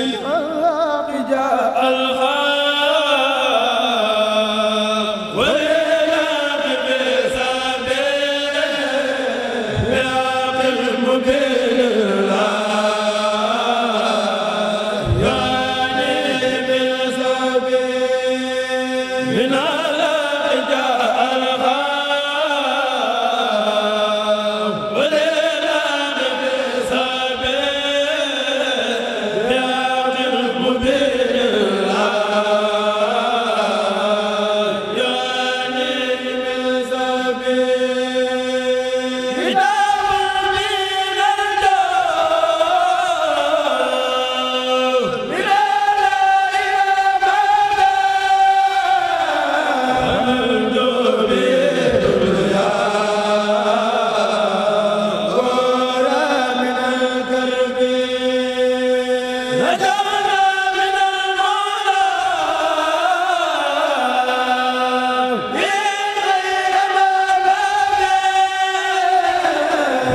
الحق جاء الحق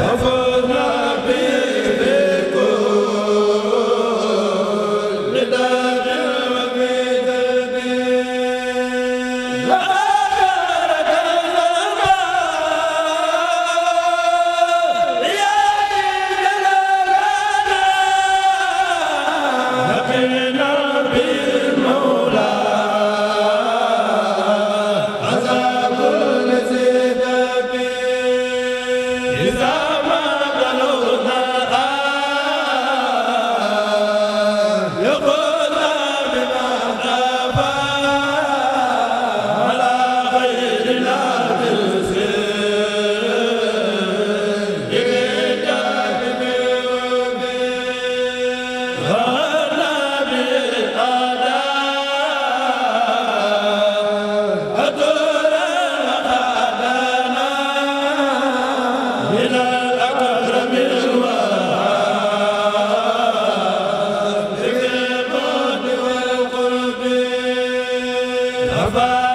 waaw Baba